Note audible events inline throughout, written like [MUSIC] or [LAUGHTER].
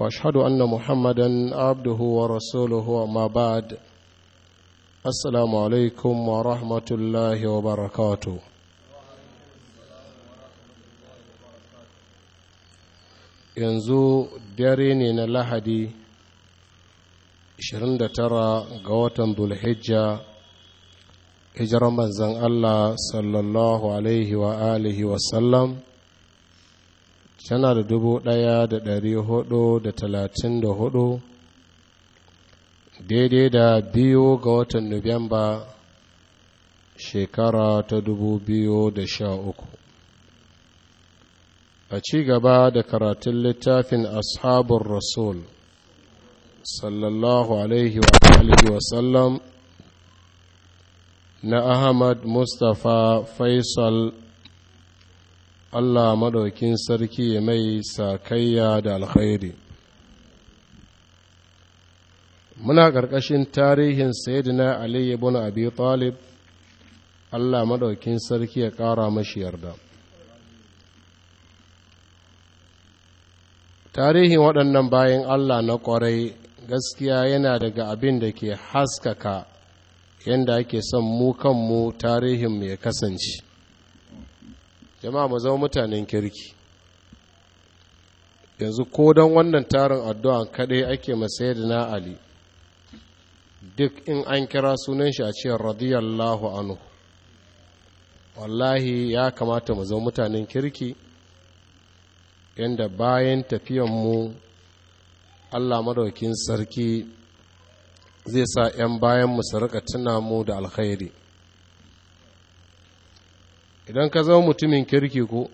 واشهد ان محمدا عبده ورسوله اما بعد السلام عليكم ورحمه الله وبركاته yanzu dare ne na lahadi 29 ga watan dulhijja hijirar manzan allah sallallahu alaihi wa alihi wasallam tana da dubu ɗaya da ɗari hudu da talatin da hudu daidai da biyu ga watan nuwamba shekara ta dubu biyu da sha uku a ci gaba da karatun littafin ashabun rasul sallallahu alaihi wa alihi wasallam na ahmad mustapha faisal Allah madaukin sarki ya mai sakayya da alkhairi muna ƙarƙashin tarihin sayyidina Ali ibn Abi Talib Allah madaukin sarki ya ƙara mashi yarda tarihin waɗannan bayan Allah na ƙwarai gaskiya yana daga abin da ke haskaka yadda ake son mu kanmu tarihin ya kasance jama'a mu zama mutanen kirki yanzu ko don wannan tarin addu'a kadai ake masayar na ali duk in an kira sunan shi a ce radiyallahu anhu wallahi ya kamata mu zama mutanen kirki yadda bayan tafiyanmu allah madaukin sarki zai sa 'yan bayan mu su rika tuna mu da alkhairi idan ka zama mutumin kirki ko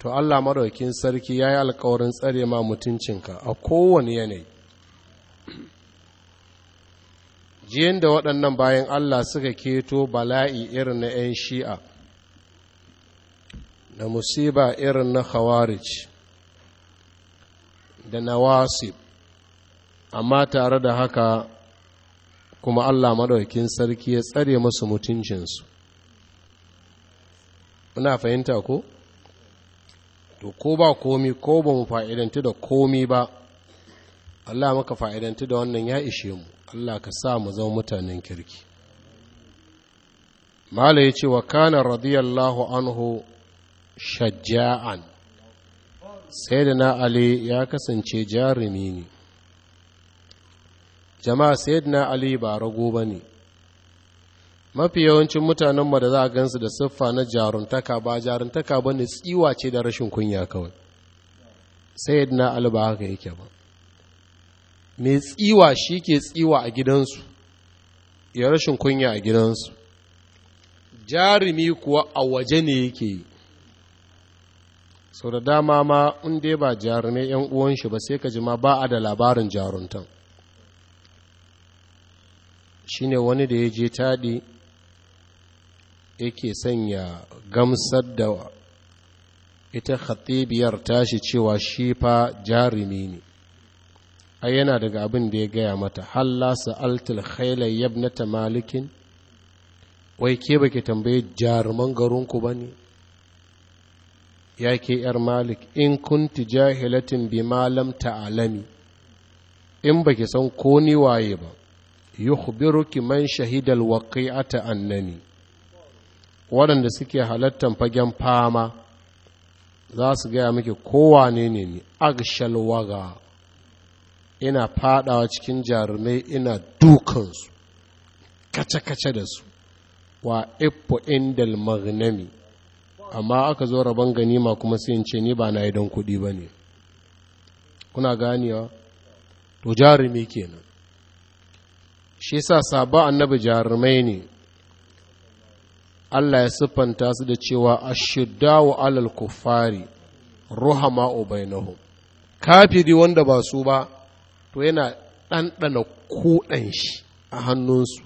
to Allah maɗaukin sarki ya yi alkawarin tsare ma mutuncinka a kowane yanayi jiyan da waɗannan bayan Allah suka keto bala'i irin na 'yan shi'a da musiba irin na khawarij da nawasib amma tare da haka kuma Allah maɗaukin sarki ya tsare masu mutuncinsu muna fahimta ko to ko ba komi ko ba mu fa'idantu da komi ba Allah maka fa'idantu da wannan ya ishe mu Allah ka sa mu zama mutanen kirki mala ya ce wa kana radiyallahu anhu shajja'an sai ali ya kasance jarumi ne jama'a sai ali ba rago ba ne mafi yawancin mutanen mutanenmu da za a gansu da siffa na jaruntaka ba jaruntaka ba ne tsiwa ce da rashin kunya kawai sai na alba haka yake ba mai tsiwa shi ke tsiwa a gidansu ya rashin kunya a gidansu jarumi kuwa a waje ne yake yi sau da dama ma in dai ba jarumai 'yan uwan shi ba sai ka ji ma ba a da labarin jaruntan ne wani da ya je taɗi yake sanya gamsar da ita khatibiyar tashi cewa shi fa jarumi ne ai yana daga abin da ya gaya mata halla sa'altul khayla yabnata malikin wai ke baki tambaye jaruman garinku bane ya ke yar malik in kunti jahilatin bi malam ta'alami in baki san ko ni waye ba yukhbiruki man shahidal waqi'ata annani waɗanda suke halattan fagen fama za su gaya miki kowa ne ne ni agshalwaga ina fadawa cikin jarumai ina dukansu kace-kace da su wa ifo indal magnami amma aka zo rabon ganima kuma sai in ni ba na yi don kuɗi ba ne kuna ganewa to jarumi kenan shi sa sabon annabi jarumai ne Allah ya siffanta su da cewa wa alal kuffari ruhama bainahum kafiri wanda ba su ba to yana ɗanɗana kuɗan shi a hannunsu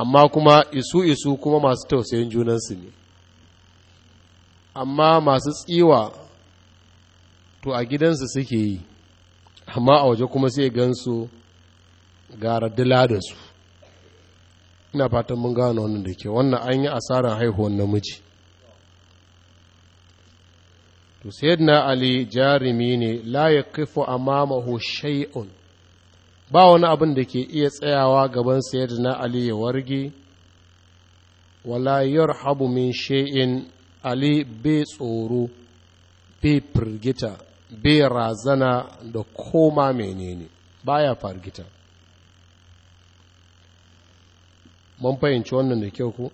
amma kuma isu isu kuma masu tausayin junansu ne amma masu tsiwa to a gidansu suke yi amma a waje kuma sai gansu gara dila da su ina fatan mun gano wannan da ke wannan an yi asarar haihuwar namiji to sayyidina ali jarimi ne la a amamahu shay'un ba wani abin da ke iya tsayawa gaban sayyidina ali ya warge wala yarhabu min shay'in ali bai tsoro bai firgita bai razana da koma menene baya fargita mun fahimci wannan da kyau ku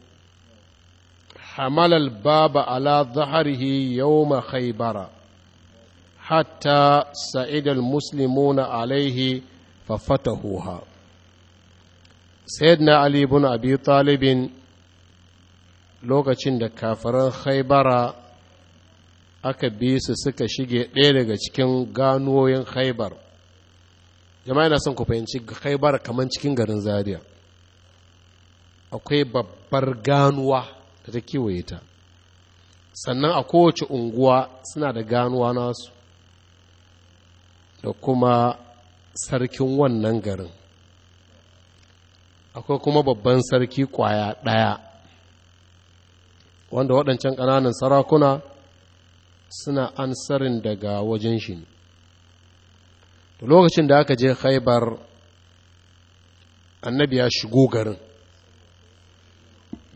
hamalal baba ala zaharihi yawma khaybara hatta sa'idal muslimuna alaihi fafatahuha sayyidina ali ibn abi talibin lokacin da kafiran haibara aka bi su suka shige ɗaya daga cikin ganuwoyin haibar jama'a na son ku fahimci haibar kamar cikin garin zaria akwai babbar ganuwa da ta kewaye ta sannan a kowace unguwa suna da ganuwa nasu da kuma sarkin wannan garin akwai kuma babban sarki kwaya ɗaya wanda waɗancan ƙananan sarakuna suna ansarin daga wajen shi da lokacin da aka je haibar annabi ya shigo garin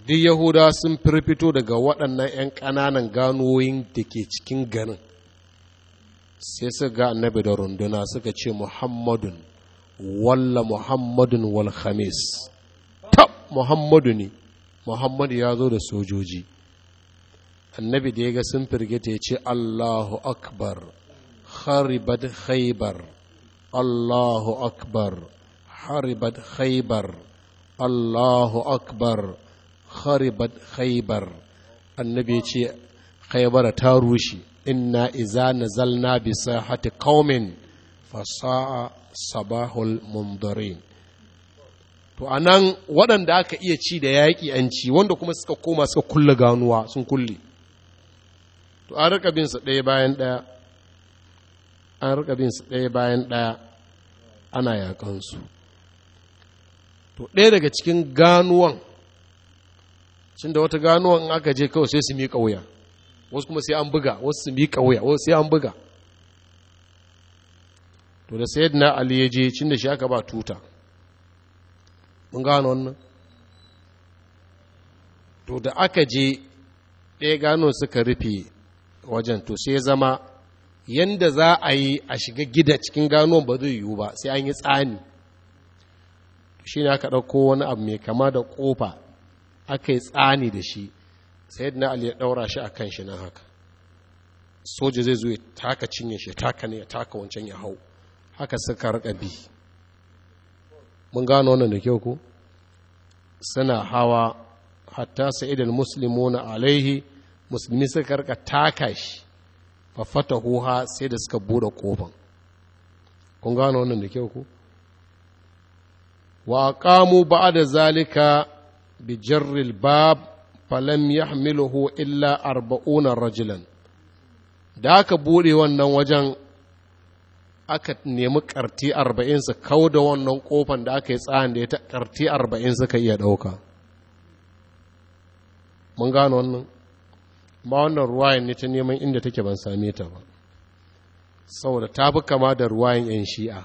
duk yahuda sun firfito daga waɗannan 'yan ƙananan ganoyin da ke cikin ganin sai su ga annabi da runduna suka ce muhammadun walla muhammadun wal khamis ta muhammadu ne muhammadu ya zo da sojoji annabi da ya ga sun firgita ya ce allahu akbar haribat khaybar allahu akbar haribat khaybar allahu akbar kharibat khaybar annabi ya ce khaybar ta rushe inna iza nazalna bi sahati qaumin sa'a sabahul mundarin to anan waɗanda aka iya ci da yaƙi an ci wanda kuma suka koma suka kulle ganuwa sun kulle to an rika bin su ɗaya bayan ɗaya an rika bin su ɗaya bayan ɗaya ana yaƙansu to ɗaya daga cikin ganuwan cin da wata ganuwa in aka je kawai sai su miƙa wuya wasu kuma sai an buga wasu su miƙa wuya wasu sai an buga to da sai na ali ya je cin da shi aka ba tuta mun gano wannan to da aka je ɗaya gano suka rufe wajen to sai zama yanda za a yi a shiga gida cikin ganuwan ba zai yiwu ba sai an yi tsani shi ne aka ɗauko wani abu mai kama da ƙofa aka yi tsani da shi sai na ali ya ɗaura shi a kan shi na haka soja zai zo ya taka cinye shi taka ne ya taka wancan ya hau haka suka rika bi mun gano wannan da kyau ko suna hawa hatta sa'idan na alaihi musulmi suka rika taka shi fata huha sai da suka bude kofan kun gano wannan da kyau ko wa a da zalika بجر الباب فلم يحمله إلا أربعون رجلا da aka buɗe wannan wajen aka nemi ƙarti arba'in su kau da wannan ƙofan da aka yi tsahan da ya ta ƙarti arba'in suka iya ɗauka mun gano wannan ma wannan ruwayan ne ta neman inda take ban same ta ba saboda ta fi kama da ruwayan 'yan shi'a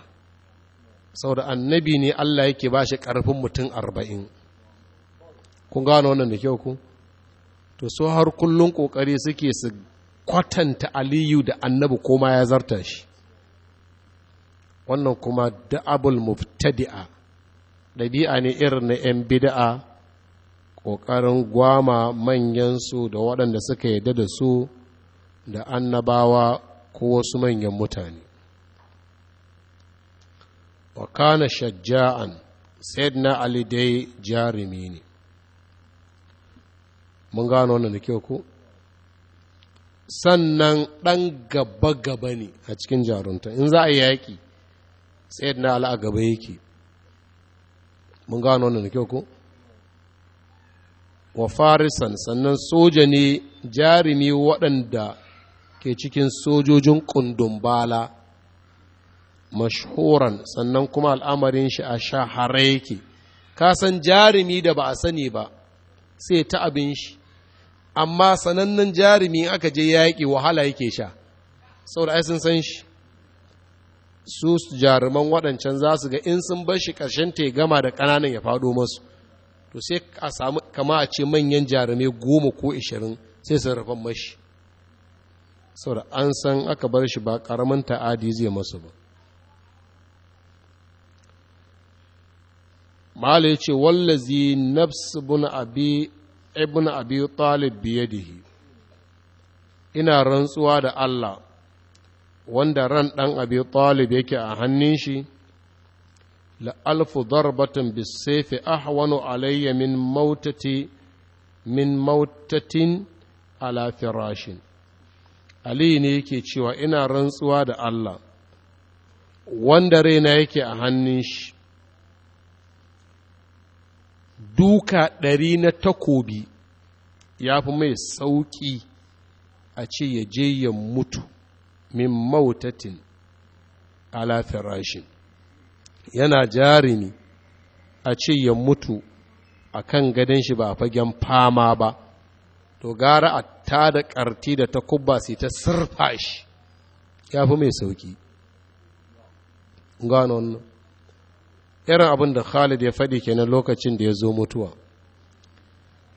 saboda annabi ne allah yake ba shi ƙarfin mutum arba'in kun gano wannan da kyau ku to so har kullun kokari suke su kwatanta aliyu da annabi koma ya zarta shi wannan kuma da'abul mubtadi'a dabi'a ne irin na 'yan bida'a ƙoƙarin gwama manyansu da waɗanda suka yadda da su da annabawa ko wasu manyan mutane wa kana shajja'an sayyidina ali dai jarumi ne mun gano wannan da kyau ku sannan ɗan gaba-gaba ne a cikin jarunta in za a yi yaƙi sai na ala a gaba yake mun gano wannan da kyau ku. wa farisan sannan soja ne jarumi waɗanda ke cikin sojojin bala mashhuran sannan kuma al'amarin shi a shahara yake kasan jarumi da ba a sani ba sai ta abin shi amma sanannen jarumi aka je yaƙi wahala yake sha saboda ai sun san shi su jaruman waɗancan za su ga in sun bar shi ƙarshen ta gama da ƙananan ya faɗo masu to sai a samu kama a ce manyan jarumai goma ko ishirin sai su rafan mashi saboda an san aka bar shi ba ƙaramin ta'adi zai masu ba mala ya ce wallazi nafsu bin abi ibn abi talib biyadihi ina rantsuwa da Allah wanda ran ɗan abi talib yake a hannun shi la alfu darbatin bisayfi ahwanu alayya min mautati min mautatin ala firashin ali ne yake cewa ina rantsuwa da Allah wanda raina yake a hannun shi duka ɗari na takobi ya fi mai sauƙi a ce ya je ya mutu min mautatin ala firashin yana jarumi a ce ya mutu a kan gadon shi ba fagen fama ba to gara a ta da ƙarti da ta kubba sai ta sirfa shi ya fi mai sauƙi gano wannan irin abin da Khalid ya faɗi kenan lokacin da ya zo mutuwa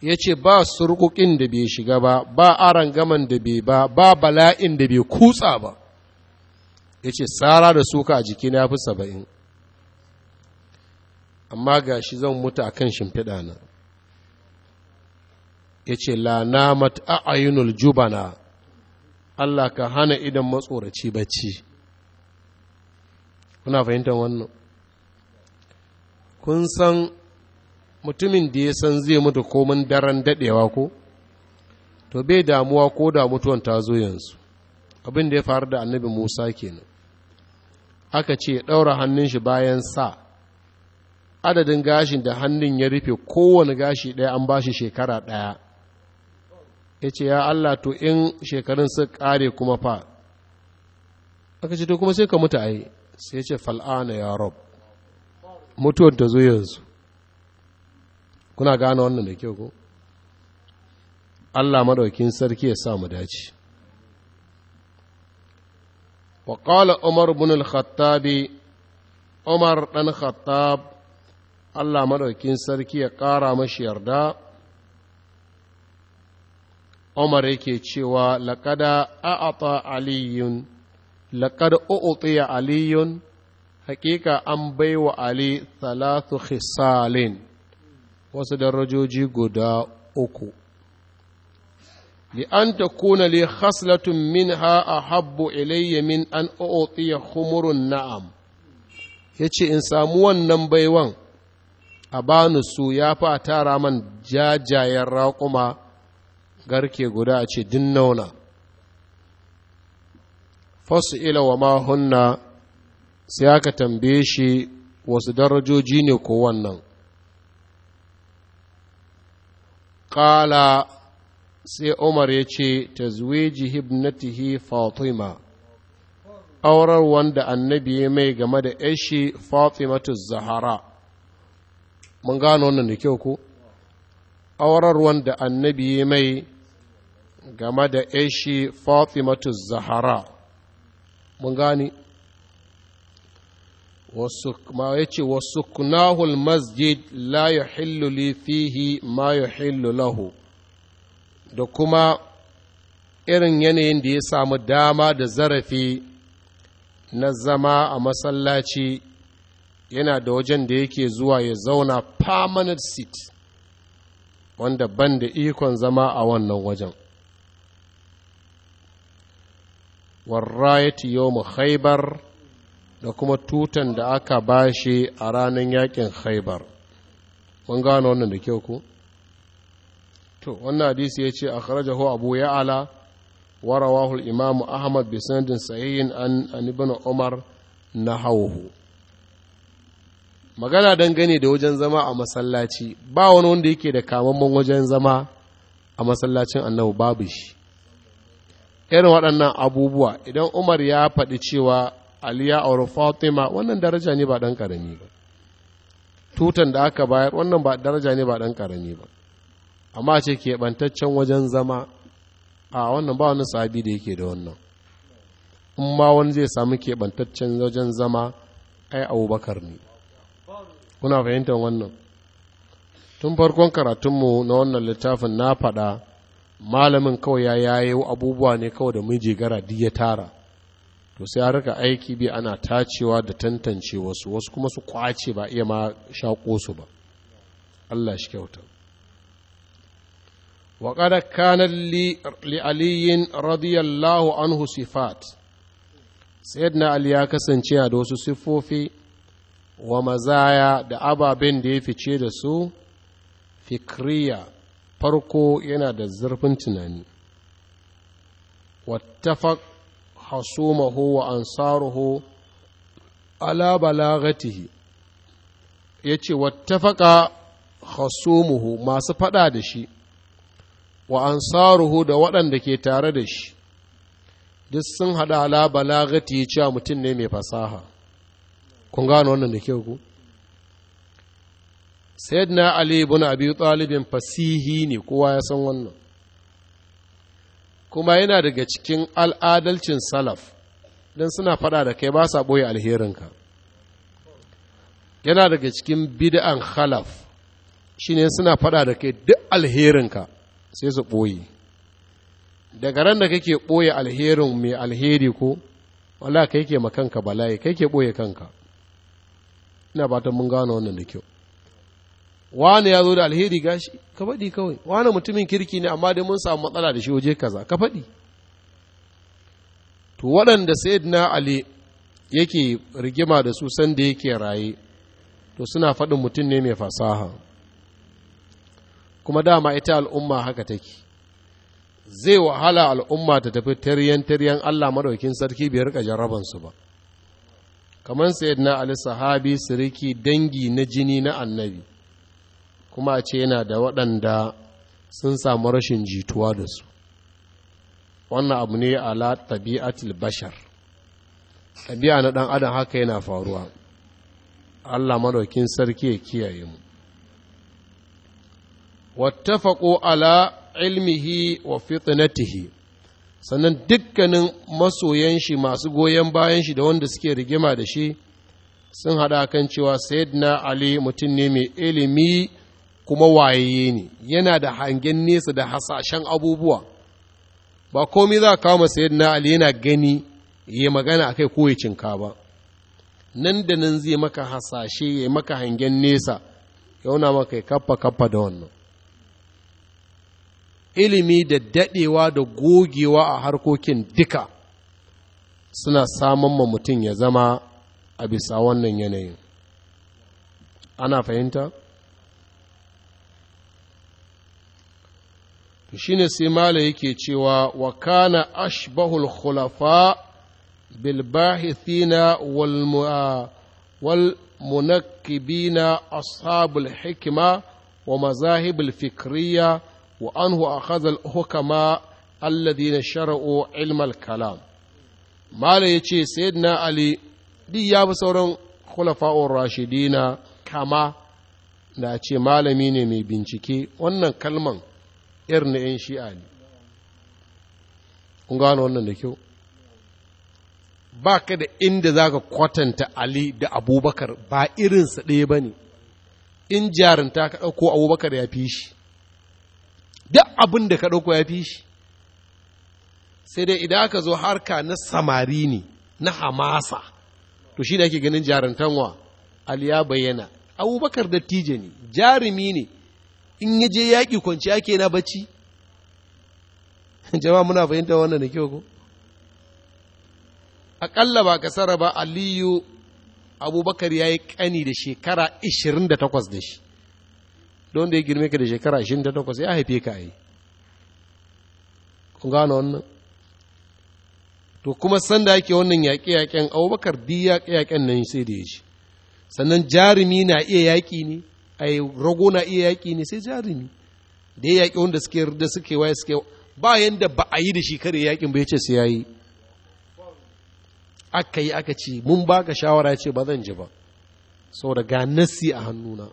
ya ce ba surkukin da bai shiga ba ba aran gaman da bai ba ba bala'in da bai kutsa ba ya ce tsara da suka a jiki ya fi saba'in amma ga shi zan mutu a kan shimfiɗa na ya ce lanamat juba jubana Allah ka hana idan matsoraci bacci kuna fahimtar wannan kun san mutumin da ya san zai mutu komin daren daɗewa ko to bai damuwa ko da mutuwan ta zo yanzu abin da ya faru da annabi musa kenan aka ce ɗaura hannun shi bayan sa adadin gashin da hannun ya rufe kowane gashi ɗaya an ba shi shekara ɗaya ya ce ya allah to in shekarun su ƙare kuma fa aka ce to kuma sai ka mutu a sai ce fal'ana ya rob mutuwar ta zo yanzu kuna gane wannan da kyau ko Allah madaukin sarki ya sa mu dace wa qala umar ibn al-khattab umar dan khattab Allah madaukin sarki ya ƙara mashi yarda umar yake cewa laqada ata aliyun laqad u'tiya aliyun hakika an baiwa ali thalathu khisalin wasu darajoji guda uku لأن تكون لي خصلة منها أحب إلي من أن أعطي خمر النعم yace in samu wannan baiwan a bani su ya fi a tara man jajayen raƙuma garke guda a ce din nauna fasu ila wa mahunna sai aka tambaye shi wasu darajoji ne ko wannan ƙala sai umar ya ce ta zuweji hibnatihi fatima aurar wanda annabi ya mai game da yashi ta zahara mun gano wannan da kyau ko aurar wanda annabi ya mai game da yashi ta zahara mun gani ma ya ce wasu kunahul masjid la yuhillu li fihi ma lahu da kuma irin yanayin da ya samu dama da zarafi na zama a masallaci yana da wajen da yake zuwa ya zauna permanent seat wanda ban da ikon zama a wannan wajen ya tiyo mu haibar da kuma tutan da aka bashi a ranar yakin haibar mun gano wannan da kyau ku to wannan hadisi ya ce a kharajahu abu ya'ala wa rawahu imamu ahmad bi sanadin sahihin an an ibn umar nahawhu magana dangane da wajen zama a masallaci ba wani wanda yake da kamamman wajen zama a masallacin annabu babu shi irin waɗannan abubuwa idan umar ya faɗi cewa aliya ya Fatima wannan daraja ne ba ɗan ƙarami ba tutan da aka bayar wannan ba daraja ne ba ɗan ƙarami ba amma ce keɓantaccen wajen zama a wannan ba wani sahabi da yake da wannan in ma wani zai samu keɓantaccen wajen zama ai abubakar ne kuna fahimtar wannan tun farkon karatunmu na wannan littafin na faɗa malamin kawai ya yayo abubuwa ne kawai da miji gara ya tara to sai a rika aiki bi ana tacewa da tantance wasu wasu kuma su kwace ba iya ma shaƙo su ba Allah shi kyauta wa qad kana li ali radiyallahu anhu sifat na ali ya kasance da wasu siffofi wa mazaya da ababen da ya fice da su fikriya farko yana da zurfin tunani wattafaq hasumahu wa ansaruhu ala balagatihi ya ce wattafaka hasumuhu masu faɗa da shi wa ansaruhu da waɗanda ke tare da shi duk sun haɗa ala balagatihi cewa mutum ne mai fasaha kun gano wannan da kyau ku sayyidina ali ibn abi talibin fasihi ne kowa ya san wannan kuma yana daga cikin al'adalcin salaf don suna fada da kai ba sa ɓoye alherinka yana daga cikin bid'an khalaf shine suna fada da kai duk alherinka sai su ɓoye daga ran da kake ɓoye alherin mai alheri ko wala kai ke makanka bala'i kai ke ɓoye kanka ina ba ta mun gano wannan da kyau wane ya zo da alheri gashi ka faɗi kawai wane mutumin kirki ne amma dai mun samu matsala da shi waje kaza ka faɗi to waɗanda sayyidina ali yake rigima da su sanda yake raye to suna faɗin mutum ne mai fasaha kuma dama ita al'umma haka take zai wahala al'umma ta tafi taryan-taryan Allah maɗaukin sarki bai rika su ba kamar sayyidina ali sahabi siriki dangi na jini na annabi kuma a ce yana da waɗanda sun samu rashin jituwa da su wannan abu ne ala tabi'atul bashar tabi'a na ɗan adam haka yana faruwa Allah madaukin sarki ya kiyaye mu wattafaqu ala ilmihi wa fitnatihi sannan dukkanin masoyan shi masu goyon bayan shi da wanda suke rigima da shi sun hada kan cewa sayyidina ali mutum ne mai ilimi kuma waye ne yana da hangen nesa da hasashen abubuwa ba komai za kawo masa yadda ali yana gani ya magana a kai koyi cinka ba nan da nan zai maka hasashe ya maka hangen nesa yauna maka kaffa kaffa da wannan ilimi da daɗewa da gogewa a harkokin duka suna samun ma mutum ya zama a bisa wannan yanayin ana fahimta? to shine sai mala yake cewa wa kana ashbahul khulafa bil bahithina wal wal munakkibina ashabul hikma wa mazahibul fikriya wa anhu akhadha al hukama alladhina shara'u ilm al kalam mala yace sayyidina ali di ya bi sauran khulafa'ur rashidina kama da ce malami ne mai bincike wannan kalman irin na 'yan shi'a ne kun gano wannan da kyau ba ka da inda za ka kwatanta ali da abubakar ba irinsa ɗaya ba ne in jarinta ka ɗauko abubakar ya fi shi duk abin da ka ɗauko ya fi shi sai dai idan aka zo harka na samari ne na hamasa to shi da ake ganin jarintanwa ali ya bayyana abubakar da tije ne jarumi ne in ya je yaƙi kwanci ake na bacci [LAUGHS] jama muna fahimta wannan da kyau ko aƙalla ba kasara ba aliyu abubakar ya yi ƙani da shekara 28 da shi don da ya girme ka da shekara 28 ya haife ka yi kun gano wannan to kuma sanda ake wannan yaƙe-yaƙen abubakar di yaƙe-yaƙen nan sai da ya ji sannan jarumi na iya yaƙi ne ai rago na iya yaƙi ne sai jarumi da ya yaƙi wanda suke da suke waye suke ba yanda ba a yi da shi kare yaƙin ba ya ce su yayi aka yi aka ce, mun baka shawara ya ce ba zan ji ba saboda ga nasi a hannuna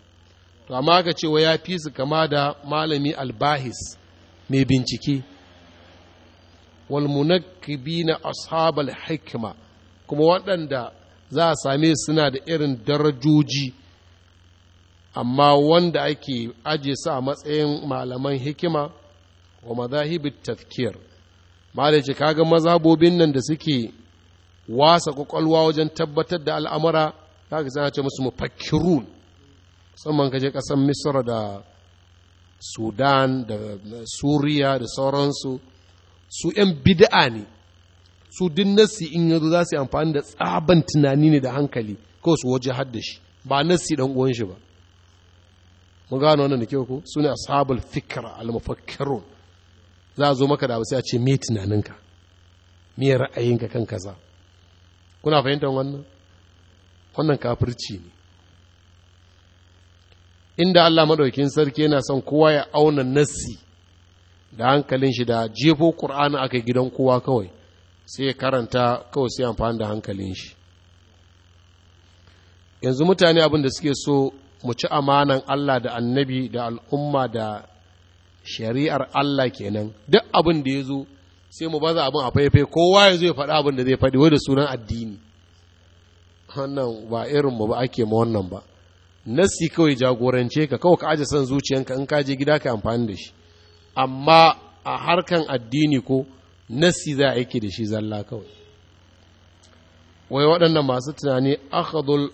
to amma aka ce wa ya fi su kama da malami albahis mai bincike walmunakibina ashabal hikima kuma waɗanda za a same suna da irin darajoji amma wanda ake aje su a matsayin malaman hikima wa mazahibin tafkir malaci kaga mazabobin nan da suke wasa kwakwalwa wajen tabbatar da al'amura za ka ce musu mufakirun musamman kaje kasan misra da sudan da suriya da sauransu su 'yan bid'a ne su din nasi in yanzu za su yi amfani da tsaban tunani ne da hankali kawai su waje haddashi ba nasi dan uwanshi ba mun gano wannan da kyau ko su ne ashabul fikra al za a zo maka da abu sai a ce me tunaninka mai ra'ayinka kan kaza kuna fahimtar wannan wannan kafirci ne inda Allah madaukin sarki yana son kowa ya auna nasi da hankalin shi da jefo Qur'ani aka gidan kowa kawai sai ya karanta kawai sai amfani da hankalin shi yanzu mutane abin da suke so mu ci amanan Allah da annabi da al'umma da shari'ar Allah kenan duk abin da ya zo sai mu baza abin a faifai kowa ya zo ya faɗa abin da zai faɗi da sunan addini hannun ba irin mu ba ake ma wannan ba nasi kawai jagorance ka kawai ka aji son zuciyanka in ka je gida ka amfani da shi amma a harkan addini ko nasi za a aiki da shi zalla kawai wai waɗannan masu tunani akhadul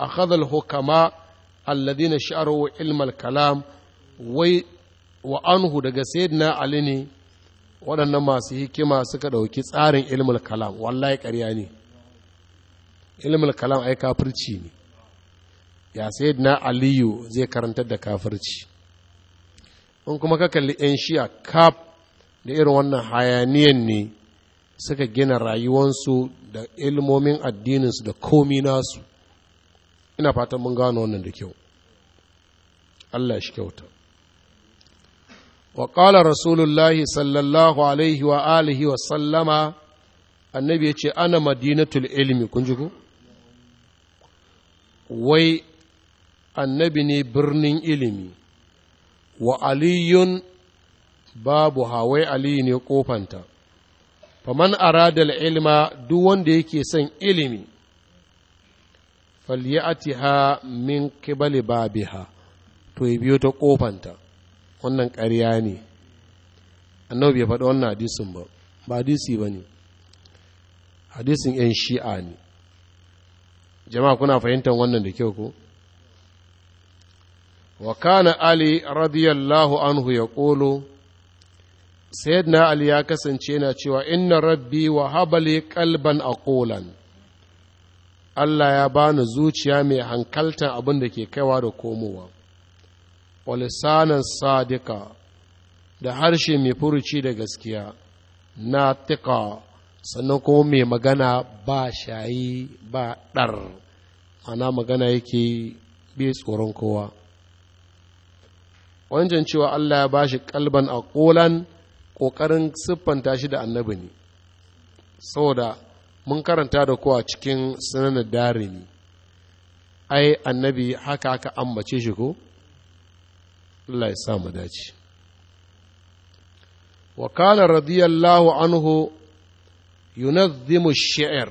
أخذ الحكماء الذين شعروا علم الكلام daga وأنه دقى سيدنا عليني waɗannan masu hikima suka ɗauki tsarin ilmul kalam wallahi karya ne ilmul kalam ai kafirci ne ya sayyidina aliyu zai karantar da kafirci in kuma ka kalli 'yan shi'a kaf da irin wannan hayaniyan ne suka gina rayuwansu da ilmomin addininsu da komi nasu ina fatan mun gano wannan da kyau Allah shi kyauta wa qala rasulullahi sallallahu alaihi wa alihi wa sallama annabi ce ana madinatul ilmi kun ji wai annabi ne birnin ilimi wa aliyun babu hawai aliyu ne kofanta faman aradal ilma duk wanda yake son ilimi falyatiha min kibali babiha to ya biyo ta ƙofanta. wannan ƙarya ne annabi bai faɗi wannan ba ba hadisi ba ne hadisin 'yan shi'a ne jama'a kuna fahimtar wannan da kyau ko Wakana kana ali radiyallahu anhu ya ƙolo na ali ya kasance yana cewa inna rabbi wa habali kalban aqulan Allah ya bani zuciya mai hankaltan abin da ke kaiwa da komowa wa lisanan sadika da harshe mai furuci da gaskiya na tika sannan kuma mai magana ba shayi ba ɗar ana magana yake bi tsoron kowa wancan cewa Allah ya bashi kalban a ƙoƙarin siffanta shi da annabi ne saboda mun karanta da kowa cikin dare ne ai annabi haka haka ambace shi ko Allah ya samu dace wa radiyallahu anhu yunazzimu shi'r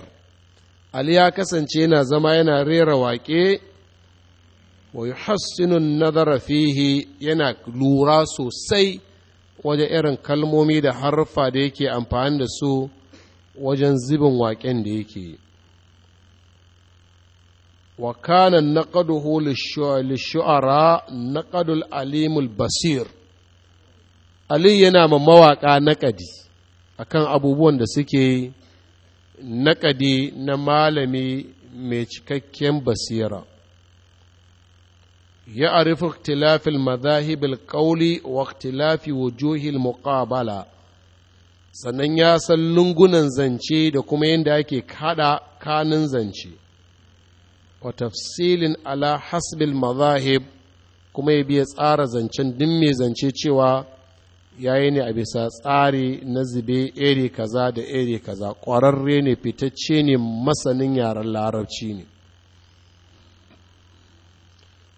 Ali ya kasance yana zama yana rera waƙe wa yuhassinu an-nazara yana lura sosai wajen irin kalmomi da haruffa da yake amfani da su wajen zibin waƙen da yake wa kana naqaduhu lish-shu'ara naqadul alimul basir ali yana ma mawaƙa naƙadi akan abubuwan da suke naƙadi na malami mai cikakken basira يعرف اختلاف المذاهب القول واختلاف وجوه المقابلة sannan ya san lungunan zance da kuma yadda ake kada kanin zance wa tafsilin ala hasbil mazahib kuma ya biya tsara zancen din mai zance cewa yi ne a bisa tsari na zube eri kaza da eri kaza ƙwararre ne fitacce ne masanin yaren larabci ne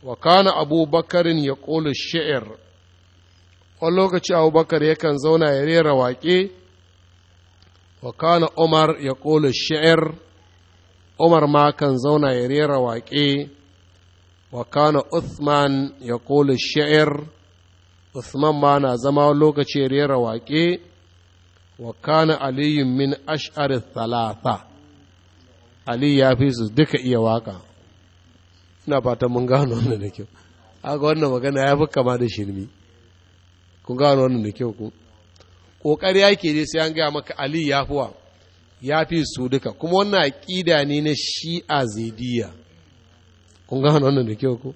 wa kana abubakarin ya ƙola sha'ir wani lokaci abubakar yakan zauna ya rera waƙe wa umar ya ƙola sha'ir umar ma kan zauna ya rera waƙe wa Usman ya ƙola sha'ir uthman ma na zama lokaci ya rera waƙe wa kana aliyun min ash'ar thalatha ali ya fi su duka iya waƙa ina fatan mun gano wannan da kyau A ga wannan magana ya fi kama da shirmi kun gano wannan da kyau ku ƙoƙari ya ke sai an gaya maka ali ya fuwa ya fi su duka kuma wannan aƙida ne na shi'a Zidiya. kun gano wannan da kyau ku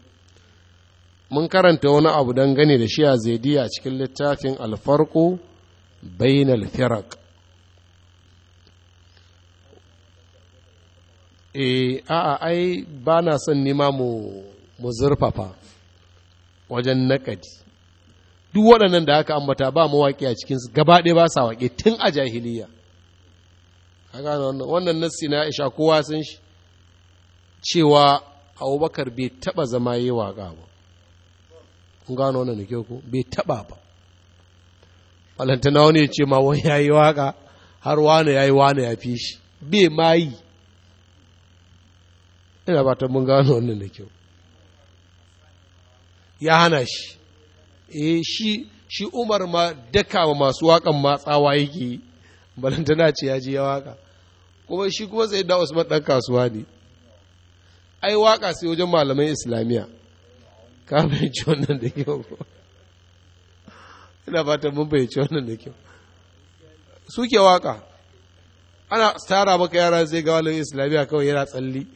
mun karanta wani abu don gani da shi'a Zidiya cikin littafin alfarko bainal firak eh a'a ai ba na son nema mu mu zurfafa wajen nakadi duk waɗannan da aka ambata ba mawaƙi a cikinsu gaba ɗaya ba sa waƙe tun a jahiliya wannan wannan nassi na Aisha kowa sun shi cewa Abubakar bai taba zama yi waƙa ba kun gano wannan da ko bai taba ba balantana wani ya ce ma wani ya yi waƙa har wani ya yi wani ya fi shi bai ma yi ina ba ta mun gano wannan da kyau ya hana shi eh, shi shi umar ma daka wa masu waƙan ma tsawa yake yi balantana ce ya ji ya waƙa kuma shi kuma sai da usman ɗan kasuwa ne ai waƙa sai wajen malaman islamiyya ka fahimci wannan da kyau ina ta mun fahimci wannan da kyau suke waƙa ana tara maka yara zai ga malamin islamiyya kawai yana tsalli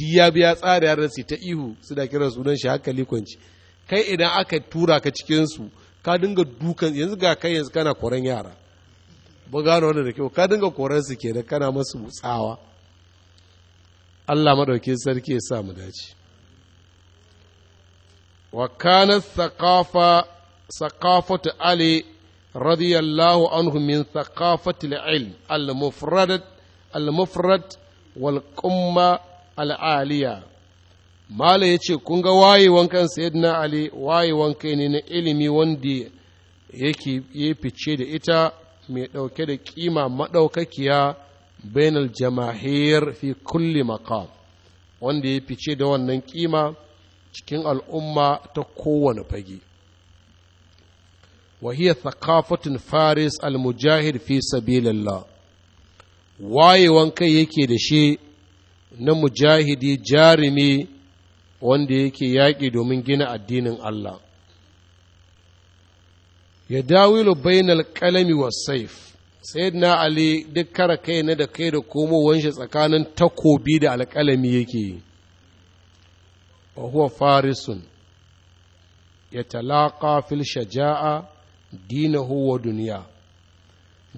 ya biya tsara ya ta ihu su da kira sunan shi haka kwanci kai idan aka tura ka cikin su ka dinga dukan yanzu ga kai yanzu kana koran yara ba gano wannan da kyau ka dinga koran su kenan kana masu tsawa Allah madaukin sarki ya sa mu dace wa kana thaqafa Ali radiyallahu anhu الله عنه من ثقافة al walƙumma. wal al'aliya mala ya ce kun ga wayewan kan sayyidina ali wayewan kai ne na ilimi wanda yake ya fice da ita mai ɗauke da kima maɗaukakiya bainal jamahir fi kulli maqam wanda ya fice da wannan kima cikin al'umma ta kowane fage وهي ثقافة Faris al-Mujahid سبيل الله wayewan kai yake da shi na mujahidi jarumi wanda yake yaƙi domin gina addinin Allah ya dawilu bainal kalami wa saif sayyidina ali duk kara kai na da kai da komo wanshi tsakanin takobi da alƙalami yake yi wa huwa farisun ya talaƙa fil shaja'a dinahu wa duniya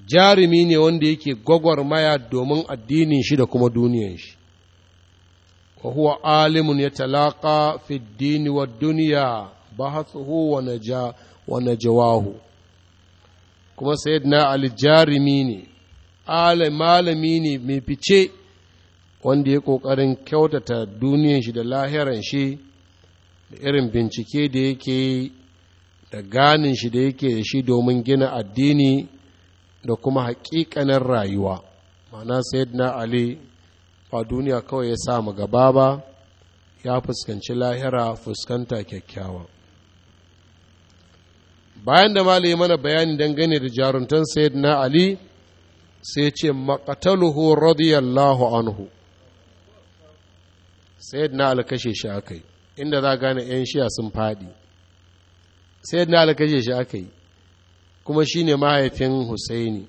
jarumi ne wanda yake gwagwarmaya domin addinin shi da kuma duniyan shi wa huwa alimun ya talaka fi dini wa duniya bahathuhu wa naja wa najawahu kuma sayyidina jarumi ne malami ne mai fice wanda ya ƙoƙarin kyautata duniyan shi da lahiran shi da irin bincike da yake da ganin shi da yake da shi domin gina addini da kuma haƙiƙanin rayuwa ma'ana sayyidina ali ba duniya kawai ya sa gaba ba ya fuskanci lahira fuskanta kyakkyawa bayan da malaye mana bayani dangane da jaruntan na ali sai ce makataluhu radiyallahu anhu sayyidina ali kashe shi aka yi inda za gane 'yan shiya sun faɗi sayyidina ali kashe shi aka yi kuma shi ne mahaifin husaini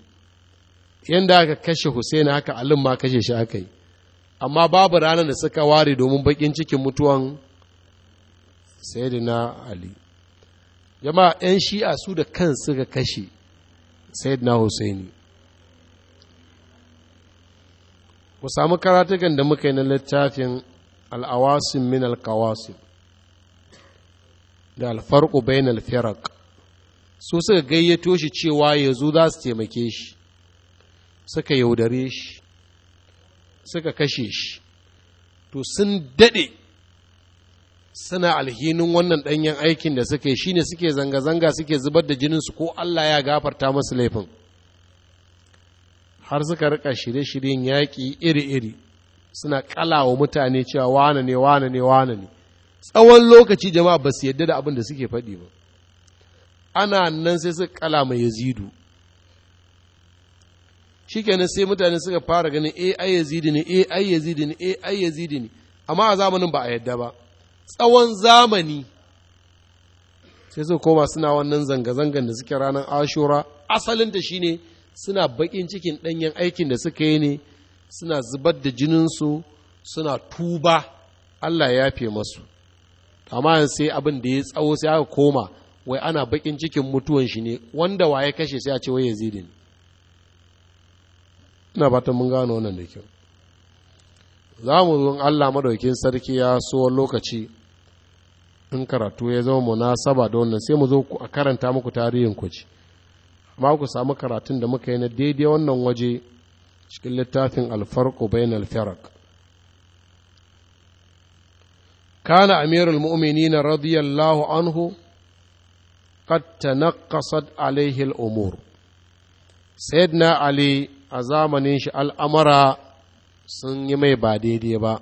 yadda aka kashe husaini haka alin ma kashe shi aka yi amma babu ranar da suka ware domin bakin cikin mutuwan sayyidina ali jama'a 'yan shi'a su da kan suka kashe sayyidina husaini ku samu karatukan da muka yi na littafin al'awasin min alkawasin da alfarku bayan alfirak su suka gayyato shi cewa ya zasu su taimake shi suka yaudare shi suka kashe shi to sun daɗe suna alhinin wannan ɗanyen aikin da suka yi shine suke zanga-zanga suke zubar da jininsu ko Allah ya gafarta masu laifin har suka rika shirye-shiryen yaƙi iri-iri suna kalawa mutane cewa wane ne wane ne wane ne tsawon lokaci jama'a ba su yadda da abin da suke faɗi ba ana nan sai suka kala mai yazidu kenan sai mutane suka fara ganin ai yazidi ne ai yazidi ne ai zidi ne amma a zamanin ba a yadda ba tsawon zamani sai su koma suna wannan zanga-zangan da suke ranar ashura asalin da shine suna bakin cikin ɗanyen aikin da suka yi ne suna zubar da jininsu suna tuba Allah ya fi masu amma sai abin da ya tsawo sai aka koma wai ana bakin cikin mutuwan shi ne wanda ya kashe sai a ce wai yazidi ne ina ba ta mun gano wannan da kyau za mu zo Allah madaukin sarki ya so lokaci in karatu ya zama mu na saba da wannan sai mu zo a karanta muku tarihin kuci amma ku samu karatun da muka yi na daidai wannan waje cikin littafin alfarqu kana farq كان amirul المؤمنين رضي anhu ƙatta na ƙasar عليه الأمور sayyidina ali a zamanin shi al'amara sun yi mai ba daidai ba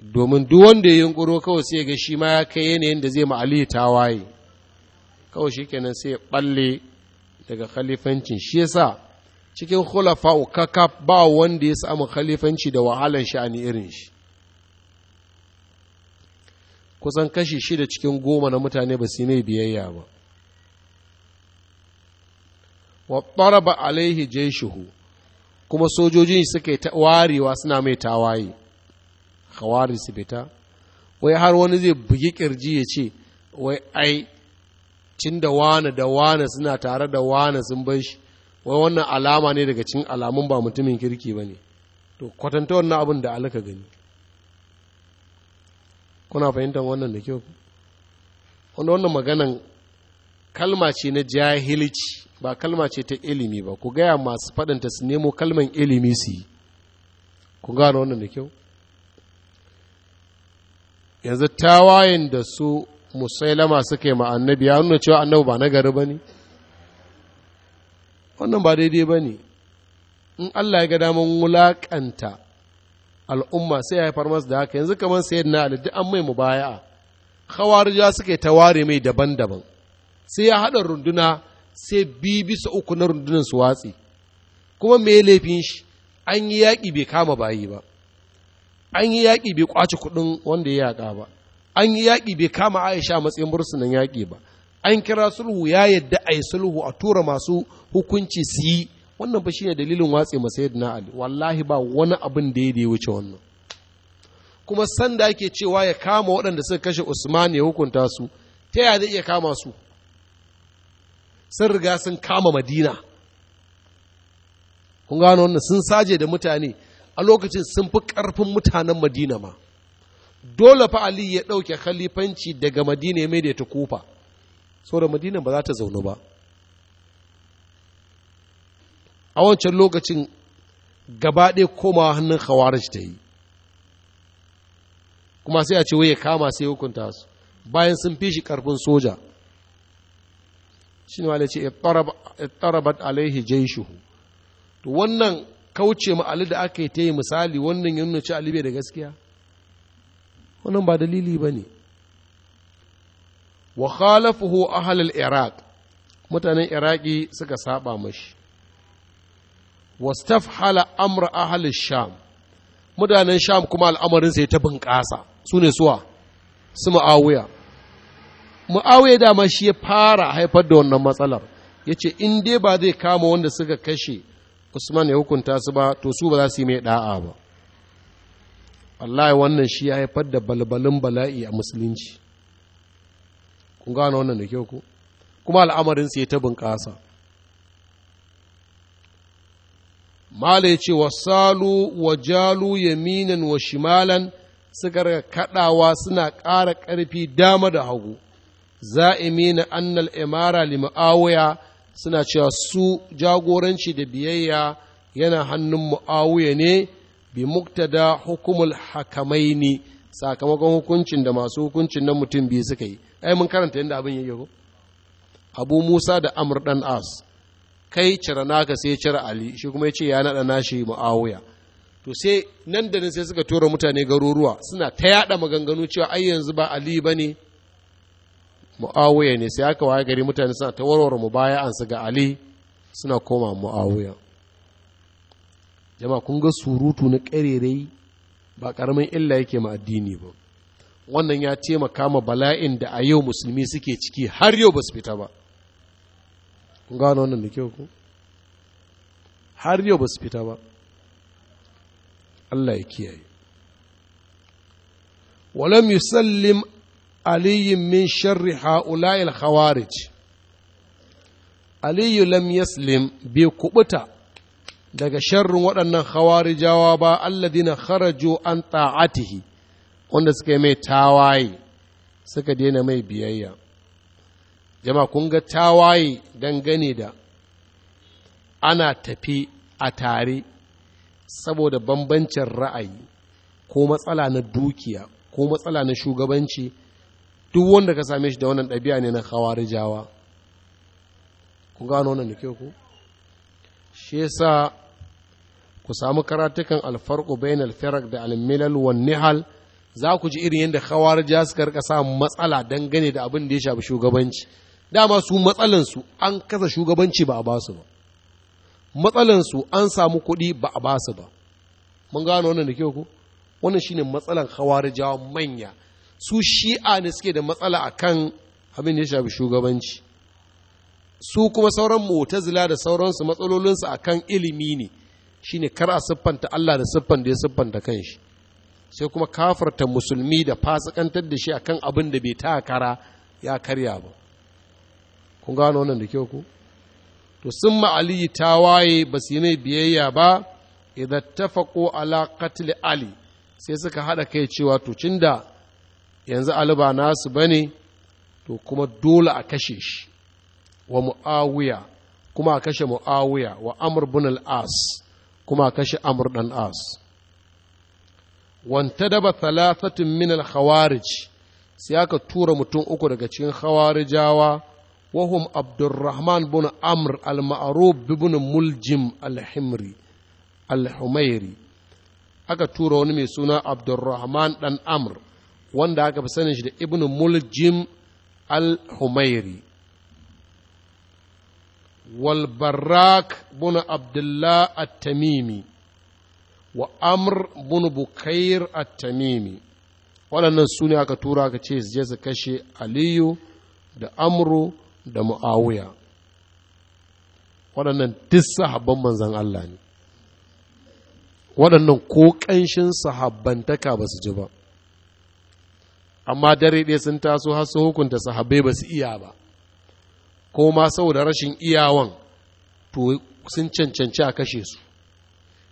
domin duk wanda ya yunkuro kawai sai ga shi ma ya kai yanayin da zai ma'ali waye kawai shi kenan sai ya ɓalle daga khalifancin shi yasa cikin khulafa kaka ba wanda ya samu khalifanci da wahalan sha'ani irin shi kusan kashi shida cikin goma na mutane ba su mai biyayya ba wa taraba alaihi jayshuhu kuma sojojin suke yi warewa suna mai tawaye khawari su fita wai har wani zai bugi kirji ya ce wai ai cin da wane da wane suna tare da wane sun bai shi wai wannan alama ne daga cin alamun ba mutumin kirki ba ne to kwatanta wannan abin da alaka gani kuna fahimtar wannan da kyau wanda wannan maganan kalma ce na jahilci ba kalma ce ta ilimi ba ku gaya masu faɗinta su nemo kalman ilimi su yi ku gano wannan da kyau yanzu tawayen da su musailama suka yi ma'annabi ya nuna cewa annabi ba nagari ba ne wannan ba daidai ba ne in allah ya ga damar wulaƙanta al'umma sai ya haifar masu da haka yanzu kamar sayar na alidu an mai mubaya'a hawarija suka yi ta ware mai daban-daban sai ya haɗa runduna sai bi bisa uku na rundunar su watsi kuma mai laifin shi an yi yaƙi bai kama bayi ba an yi yaƙi bai kwace kuɗin wanda ya yaƙa ba an yi yaƙi bai kama aisha matsayin nan yaƙi ba an kira sulhu ya yadda a yi sulhu a tura masu hukunci su yi wannan ba shine dalilin watse masa na ali wallahi ba wani abin da ya da wuce wannan kuma sanda ake cewa ya kama waɗanda suka kashe usman ya hukunta su ta yaya zai iya kama su sun riga sun kama madina kun gano wannan sun saje da mutane a lokacin sun fi ƙarfin mutanen madina ma dole fa ali ya ɗauke khalifanci daga madina ya maida ta kufa da madina ba za ta zaunu ba a wancan lokacin gaba ɗaya komawa hannun khawarij ta yi kuma sai a ce wai ya kama sai hukunta su bayan sun fi shi karfin soja shi ne wale ce ittarabat alaihi jaishuhu to wannan kauce ma ali da aka yi ta yi misali wannan ya nuna a ali bai da gaskiya wannan ba dalili ba ne wa khalafuhu ahlul iraq mutanen iraqi suka saba mashi wastafhala amra ahlul sham mutanen sham kuma al'amarin sai ta bunƙasa su ne suwa su ma'awuyar. da dama shi ya fara haifar da wannan matsalar ya ce in dai ba zai kama wanda suka kashe usman ya hukunta su ba to su ba za su yi mai da'a ba wallahi wannan shi ya haifar da balbalin bala'i a musulunci kun gane wannan da kyau ku kuma al'amarin sai ta bunƙasa mala ya ce wa salu wa jalu yaminan wa shimalan suka kaɗawa suna ƙara ƙarfi dama da hagu za'imina annal imara li suna cewa su jagoranci da biyayya yana hannun muawiya ne bi muktada hukumul hakamaini sakamakon hukuncin da masu hukuncin nan mutum biyu suka yi ai mun karanta yadda abin yake ko Abu Musa da Amr dan As kai cira naka sai cira Ali shi kuma yace ya nada nashi Muawiya to sai nan da nan sai suka tura mutane garuruwa suna ta yada maganganu cewa ai yanzu ba Ali bane mu'awiya ne sai aka waye gari mutane suna ta warware mu baya an ga ali suna koma mu'awiya jama'a kun ga surutu na ƙarerai ba ƙaramin illa yake ma addini ba wannan ya taimaka ma bala'in da a yau musulmi suke ciki har yau ba su fita ba kun gano wannan da kyau ku har yau ba su fita ba Allah ya kiyaye walam yusallim aliyu min sharri ha'ula'il khawarij aliyu lam yaslim bai daga sharrin waɗannan khawarijawa ba alladina kharaju an ta'atihi wanda suka yi mai tawaye suka daina mai biyayya jama kun ga tawaye dangane da ana tafi a tare saboda bambancin ra'ayi ko matsala na dukiya ko matsala na shugabanci duk wanda ka same shi da wannan ɗabi'a ne na jawa ku gano wannan da ke ku shi yasa ku samu karatukan alfarko bainal firaq da almilal wanne hal za ku ji irin yadda jawa suka rika sa matsala dangane da abin da ya shafi shugabanci dama su matsalansu an kasa shugabanci ba a ba ba matsalansu an samu kuɗi ba a ba ba mun gano wannan da ke ku wannan shine matsalan jawa manya su shi'a ne suke da matsala a kan abin ya shafi shugabanci su kuma sauran zila da sauransu matsalolinsu a kan ilimi ne shine kar a siffanta Allah da siffan da ya siffanta kanshi sai kuma kafarta musulmi da fasikantar da shi akan abin da bai takara ya karya ba kun gano wannan da kyau ku to sun ma'aliyi ta waye ba su yi mai biyayya ba idan tafako ala qatl ali sai suka haɗa kai cewa to da yanzu ali ba nasu bane to kuma dole a kashe shi wa mu'awiya kuma a kashe mu'awiya wa amur bin al'as kuma a kashe amur dan as wanta da ba min al-khawarij sai aka tura mutum uku daga cikin khawarijawa wahum abdurrahman bin amr al-ma'ruf bin muljim al-himri al-humairi aka tura wani mai suna abdurrahman dan amr wanda aka fi sanin shi da ibn muljim al-humairi والبراك بن tamimi wa التميمي وأمر بن بكير waɗannan su ne aka tura aka ce je su kashe aliyu da amru da mu'awiya waɗannan duk sahabban manzan Allah ne waɗannan ko ƙanshin sahabbantaka ba su ji ba amma dare ɗaya sun taso har su hukunta sahabbai ba su iya ba ko ma saboda rashin iyawan to sun cancanci a kashe su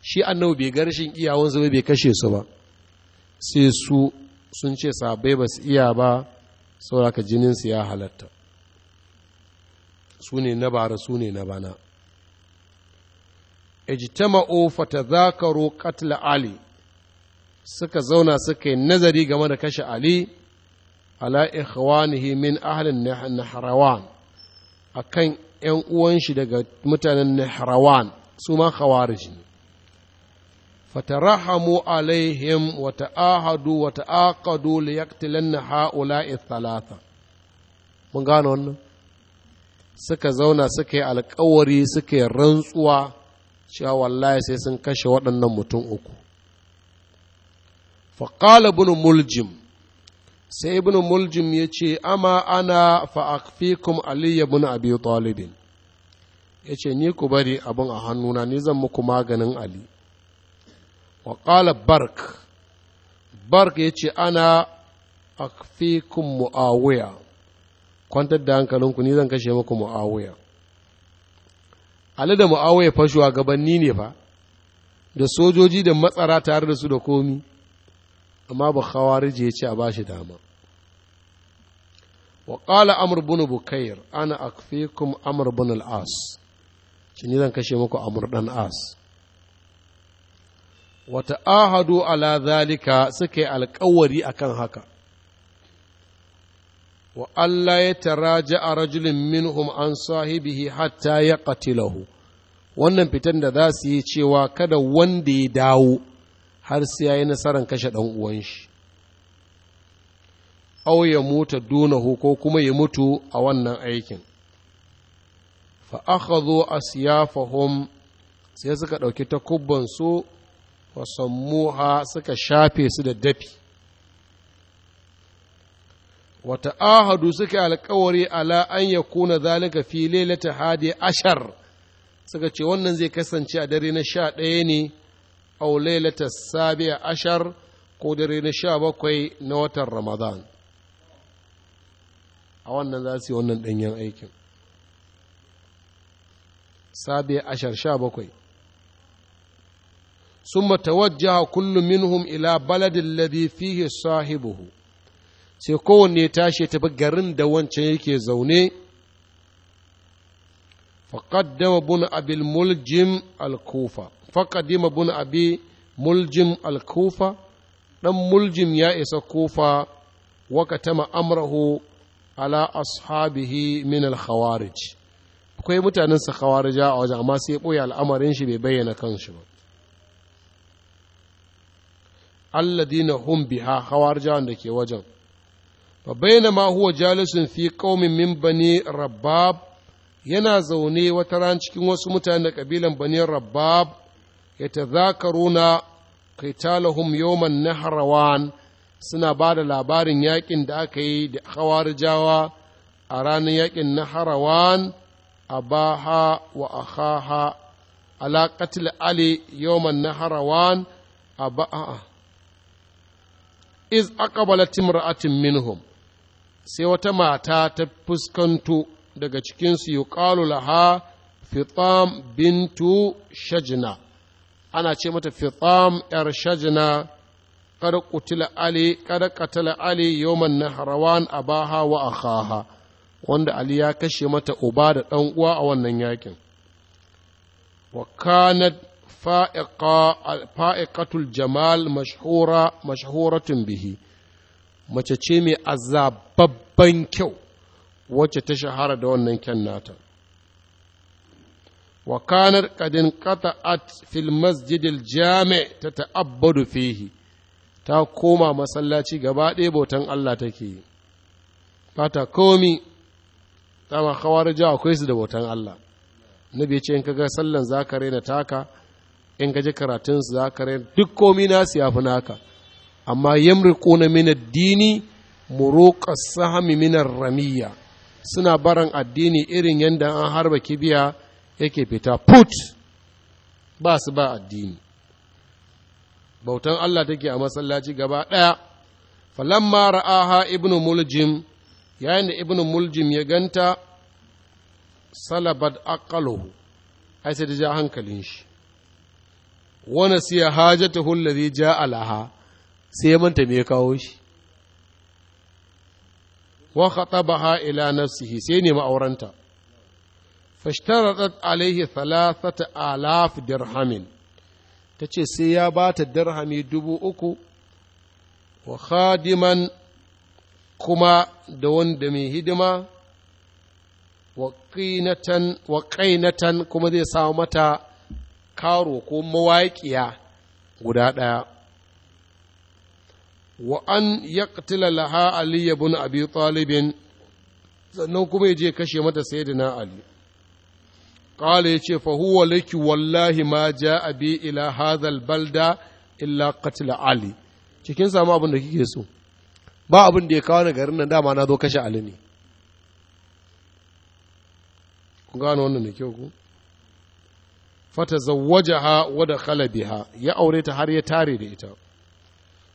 shi annabi bai ga rashin iyawan su bai kashe su ba sai su sun ce sahabbai ba su iya ba sauraka jinin su ya halatta su ne na bara su ne na bana ijtama'u fatadhakaru qatl ali suka zauna suka yi nazari game da kashe ali ala ikhwanihi min ahlin nahrawan akan ‘yan uwan shi daga mutanen nahrawan su ma khawarij ne fatarahamu alaihim wa ta'ahadu wa ta'aqadu li yaqtilanna ha'ula'i thalatha mun gano wannan suka zauna suka yi alkawari suka yi rantsuwa cewa wallahi sai sun kashe waɗannan mutum uku faƙala bin muljim sai ibn muljim ya ce amma ana fa'afikum ali ibn abi talibin ya ce ni ku bari abin a hannuna ni zan muku maganin ali wa ƙala bark bark ya ce ana akfikum muawiya kwantar da hankalinku ni zan kashe muku muawiya ali da muawiya fashuwa gabanni ne fa da sojoji da matsara tare da su da komi amma ba khawariji ya ce a bashi dama wa qala amr bukair ana akfikum amr bin al-as shi zan kashe muku amr dan as wata ahadu ala zalika suka yi alkawari akan haka wa Allah ya taraja a rajulin minhum an sahibihi hatta ya ƙatilahu wannan fitan da za su yi cewa kada wanda ya dawo har sai ya yi nasarar kashe ɗan uwan shi au ya mutu dunahu ko kuma ya mutu a wannan aikin fa akhadhu asyafahum sai suka ɗauki takubban su wa suka shafe su da dafi wa ta'ahadu suka alkawari ala an yakuna zalika fi lailati hadi ashar suka ce wannan zai kasance a dare na sha ɗaya ne aw lailata sabi'a ashar ko dare na sha bakwai na watan ramadan a wannan za su yi wannan ɗanyen aikin sabi'a ashar sha bakwai ثم توجه كل منهم إلى بلد الذي فيه صاحبه sai kowanne tashi tafi garin da wancan yake zaune faƙaddama bin abil muljim al-kufa faƙadima bin abi muljim al-kufa ɗan muljim ya isa kufa wakatama amrahu ala ashabihi min al akwai mutanen sa khawarija a wajen amma sai ɓoye al'amarin shi bai bayyana kansu ba alladina hum biha khawarija wanda ke wajen fa mahuwa huwa jalisun fi qaumin min bani rabbab yana zaune wata ran cikin wasu mutane da kabilan bani rabbab yatazakaruna qitalahum yawman nahrawan suna ba da labarin yakin da aka yi da hawarijawa a ranar yakin nahrawan abaha wa akhaha ala qatl ali yawman nahrawan abaha iz aqbalat imra'atin minhum sai wata mata ta fuskanto daga cikinsu yuqalu laha fitam bintu shajna ana ce mata fitam yar shajna kada kutila ali kada katala ali yawman nahrawan abaha wa akhaha wanda ali ya kashe mata uba da dan uwa a wannan yakin wa kanat fa'iqa fa'iqatul jamal mashhura mashhuratun bihi mace ce mai azababban kyau wacce ta shahara da wannan kyan nata Wakanar kanar kadin qata'at fil jami' ta ta'abbadu fihi ta koma masallaci gaba ɗaya bautan Allah take yi ba ta komi dama khawarijawa akwai su da bautan Allah nabi ce ka ga sallar zaka raina taka in ka ji karatun su zaka raina duk komi nasu yafi naka amma yamriquna min ad-dini muruqa sahmi min ar-ramiyya suna baran addini irin yadda an harba kibiya yake fita put ba su ba addini bautan Allah take a masallaci gaba ɗaya falamma ra'aha ibnu muljim yayin da ibnu muljim ya ganta salabat aqaluhu ai sai ta ja hankalin shi wa nasiya hajatahu allazi ja alaha sai ya manta mai ya kawo shi wa khatabaha ila nafsihi sai ne ma'auranta fashtaratat alaihi thalathata alaf dirhamin ta ce sai ya ba ta dirhami dubu uku wa khadiman kuma da wanda mai hidima wa ƙainatan kuma zai samu mata karo ko mawaƙiya guda ɗaya wa an ya laha Ali bin Abi Talibin sannan kuma ya je kashe mata Sayyidina Ali qala yace fa huwa wallahi ma jaa bi ila hadhal balda illa qatl ali cikin samu abin da kike so ba abin da ya kawo ni garin nan dama na zo kashe ali ne ku gano wannan da kyau ku fata zawwajaha wa dakhala biha ya aure ta har ya tare da ita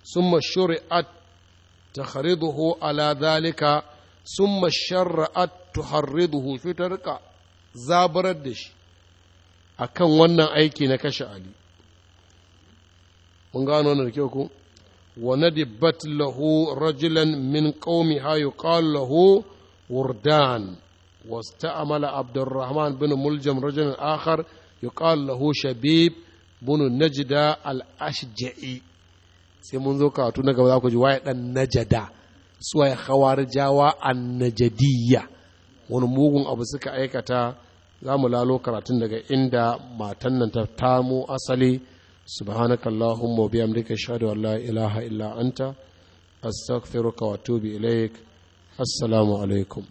summa shuri'at takhriduhu ala dhalika summa shar'at tuharriduhu fi tarqa zaburar da shi a kan wannan aiki na kashe ali mun gano wannan kyau ku wane da batlahu rajulan min ƙaumi hayo ƙallahu wurdan wasu ta'amala abdurrahman bin muljam rajulan akhar yuqal lahu shabib bin najda al sai mun zo karatu na gaba za ku ji waye dan najada suwaye hawar jawa an najadiyya wani mugun abu suka aikata za mu lalo karatun daga inda matan nan ta tamo asali subhanakallahu mu bihamdika ashhadu an la ilaha illa anta astaghfiruka wa atubu ilaik assalamu alaikum